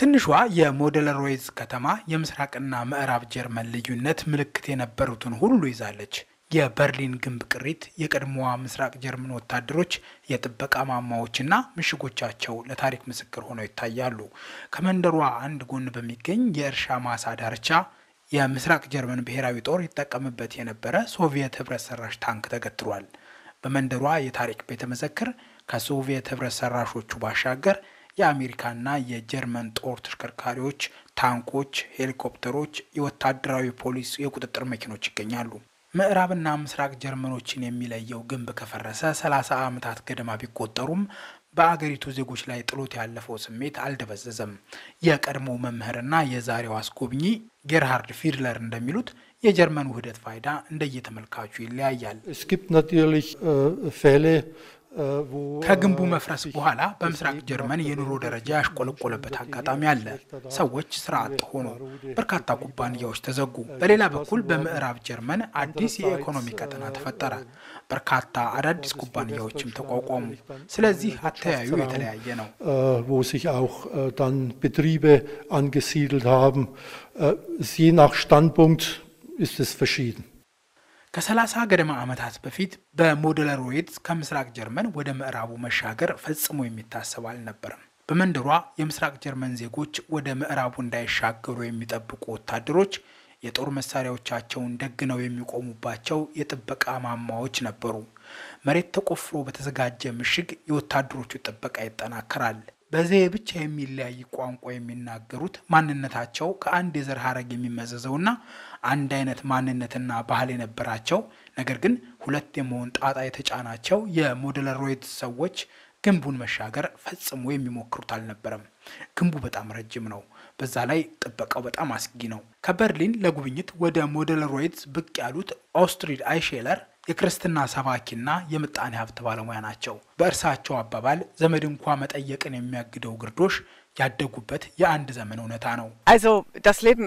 ትንሿ የሞደለሮይዝ ከተማ የምስራቅና ምዕራብ ጀርመን ልዩነት ምልክት የነበሩትን ሁሉ ይዛለች። የበርሊን ግንብ ቅሪት፣ የቀድሞዋ ምስራቅ ጀርመን ወታደሮች የጥበቃ ማማዎችና ምሽጎቻቸው ለታሪክ ምስክር ሆነው ይታያሉ። ከመንደሯ አንድ ጎን በሚገኝ የእርሻ ማሳ ዳርቻ የምስራቅ ጀርመን ብሔራዊ ጦር ይጠቀምበት የነበረ ሶቪየት ህብረት ሰራሽ ታንክ ተገትሯል። በመንደሯ የታሪክ ቤተ መዘክር ከሶቪየት ህብረት ሰራሾቹ ባሻገር የአሜሪካና የጀርመን ጦር ተሽከርካሪዎች፣ ታንኮች፣ ሄሊኮፕተሮች፣ የወታደራዊ ፖሊስ የቁጥጥር መኪኖች ይገኛሉ። ምዕራብና ምስራቅ ጀርመኖችን የሚለየው ግንብ ከፈረሰ 30 ዓመታት ገደማ ቢቆጠሩም በአገሪቱ ዜጎች ላይ ጥሎት ያለፈው ስሜት አልደበዘዘም። የቀድሞ መምህርና የዛሬው አስጎብኚ ጌርሃርድ ፊድለር እንደሚሉት የጀርመን ውህደት ፋይዳ እንደየተመልካቹ ይለያያል። ከግንቡ መፍረስ በኋላ በምስራቅ ጀርመን የኑሮ ደረጃ ያሽቆለቆለበት አጋጣሚ አለ። ሰዎች ስራ አጥ ሆኑ፣ በርካታ ኩባንያዎች ተዘጉ። በሌላ በኩል በምዕራብ ጀርመን አዲስ የኢኮኖሚ ቀጠና ተፈጠረ፣ በርካታ አዳዲስ ኩባንያዎችም ተቋቋሙ። ስለዚህ አተያዩ የተለያየ ነው። wo sich auch dann Betriebe angesiedelt haben. Je nach Standpunkt ist es verschieden. ከ30 ገደማ ዓመታት በፊት በሞዴለሮይድ ከምስራቅ ጀርመን ወደ ምዕራቡ መሻገር ፈጽሞ የሚታሰብ አልነበርም። በመንደሯ የምስራቅ ጀርመን ዜጎች ወደ ምዕራቡ እንዳይሻገሩ የሚጠብቁ ወታደሮች የጦር መሳሪያዎቻቸውን ደግነው የሚቆሙባቸው የጥበቃ ማማዎች ነበሩ። መሬት ተቆፍሮ በተዘጋጀ ምሽግ የወታደሮቹ ጥበቃ ይጠናከራል። በዘዬ ብቻ የሚለያይ ቋንቋ የሚናገሩት ማንነታቸው ከአንድ የዘር ሀረግ የሚመዘዘውና አንድ አይነት ማንነትና ባህል የነበራቸው ነገር ግን ሁለት የመሆን ጣጣ የተጫናቸው የሞዴለሮይድ ሰዎች ግንቡን መሻገር ፈጽሞ የሚሞክሩት አልነበረም። ግንቡ በጣም ረጅም ነው። በዛ ላይ ጥበቃው በጣም አስጊ ነው። ከበርሊን ለጉብኝት ወደ ሞዴለሮይድ ብቅ ያሉት ኦስትሪድ አይሼለር የክርስትና ሰባኪና የምጣኔ ሀብት ባለሙያ ናቸው። በእርሳቸው አባባል ዘመድ እንኳ መጠየቅን የሚያግደው ግርዶሽ ያደጉበት የአንድ ዘመን እውነታ ነው። ähm,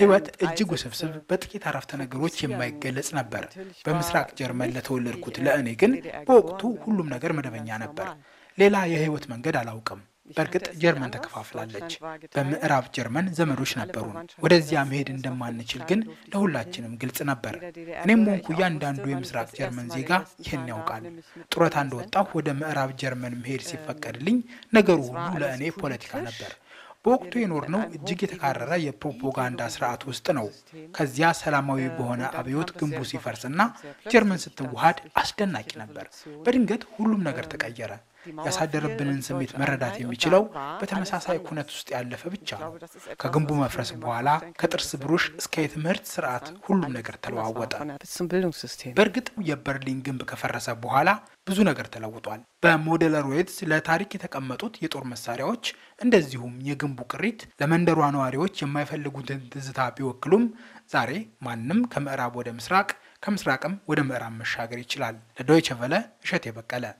ህይወት እጅግ ውስብስብ፣ በጥቂት አረፍተ ነገሮች የማይገለጽ ነበር። በምስራቅ ጀርመን ለተወለድኩት ለእኔ ግን በወቅቱ ሁሉም ነገር መደበኛ ነበር። ሌላ የህይወት መንገድ አላውቅም። በእርግጥ ጀርመን ተከፋፍላለች። በምዕራብ ጀርመን ዘመዶች ነበሩን። ወደዚያ መሄድ እንደማንችል ግን ለሁላችንም ግልጽ ነበር። እኔም ሆንኩ እያንዳንዱ የምስራቅ ጀርመን ዜጋ ይህን ያውቃል። ጡረታ እንደወጣሁ ወደ ምዕራብ ጀርመን መሄድ ሲፈቀድልኝ ነገሩ ሁሉ ለእኔ ፖለቲካ ነበር። በወቅቱ የኖርነው እጅግ የተካረረ የፕሮፓጋንዳ ስርዓት ውስጥ ነው። ከዚያ ሰላማዊ በሆነ አብዮት ግንቡ ሲፈርስና ጀርመን ስትዋሃድ አስደናቂ ነበር። በድንገት ሁሉም ነገር ተቀየረ። ያሳደረብንን ስሜት መረዳት የሚችለው በተመሳሳይ ኩነት ውስጥ ያለፈ ብቻ ነው። ከግንቡ መፍረስ በኋላ ከጥርስ ብሩሽ እስከ የትምህርት ስርዓት ሁሉም ነገር ተለዋወጠ። በእርግጥ የበርሊን ግንብ ከፈረሰ በኋላ ብዙ ነገር ተለውጧል። ዌትስ ለታሪክ የተቀመጡት የጦር መሳሪያዎች እንደዚሁም የግንቡ ቅሪት ለመንደሯ ነዋሪዎች የማይፈልጉትን ትዝታ ቢወክሉም ዛሬ ማንም ከምዕራብ ወደ ምስራቅ ከምስራቅም ወደ ምዕራብ መሻገር ይችላል። ለዶይቸ ቨለ እሸቴ በቀለ